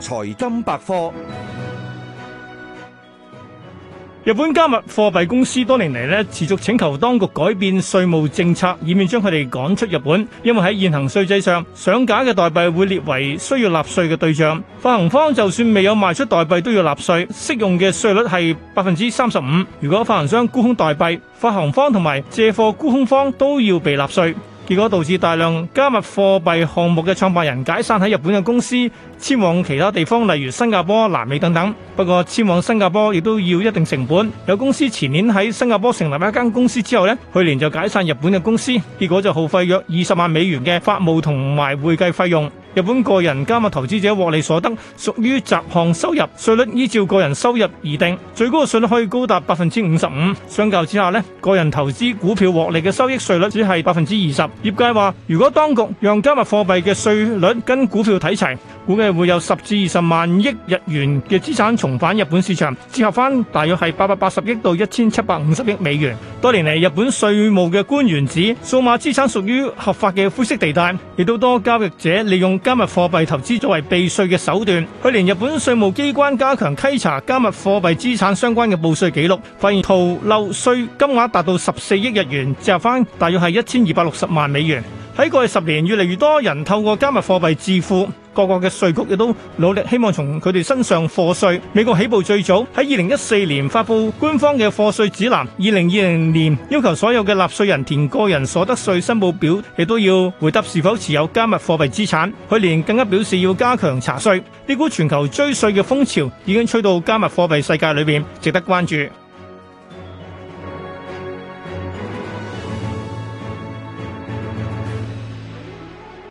財經百科：日本加密貨幣公司多年嚟呢持續請求當局改變稅務政策，以免將佢哋趕出日本。因為喺現行稅制上，上架嘅代幣會列為需要納稅嘅對象。發行方就算未有賣出代幣都要納稅，適用嘅稅率係百分之三十五。如果發行商沽空代幣，發行方同埋借貨沽空方都要被納稅。結果導致大量加密貨幣項目嘅創辦人解散喺日本嘅公司，遷往其他地方，例如新加坡、南美等等。不過遷往新加坡亦都要一定成本。有公司前年喺新加坡成立一間公司之後呢，去年就解散日本嘅公司，結果就耗費約二十萬美元嘅法務同埋會計費用。日本個人加密投資者獲利所得屬於雜項收入，稅率依照個人收入而定，最高嘅稅率可以高達百分之五十五。相較之下咧，個人投資股票獲利嘅收益稅率只係百分之二十。業界話，如果當局讓加密貨幣嘅稅率跟股票睇齊，估計會有十至二十萬億日元嘅資產重返日本市場，折合翻大約係八百八十億到一千七百五十億美元。多年嚟，日本稅務嘅官員指，數碼資產屬於合法嘅灰色地帶，亦都多交易者利用。加密貨幣投資作為避稅嘅手段，去年日本稅務機關加強稽查加密貨幣資產相關嘅報稅記錄，發現逃漏稅金額達到十四億日元，折合大約係一千二百六十萬美元。喺過去十年，越嚟越多人透過加密貨幣致富，各國嘅稅局亦都努力希望從佢哋身上課稅。美國起步最早，喺二零一四年發布官方嘅課稅指南，二零二零年要求所有嘅納稅人填個人所得稅申報表，亦都要回答是否持有加密貨幣資產。去年更加表示要加強查稅。呢股全球追稅嘅風潮已經吹到加密貨幣世界裏邊，值得關注。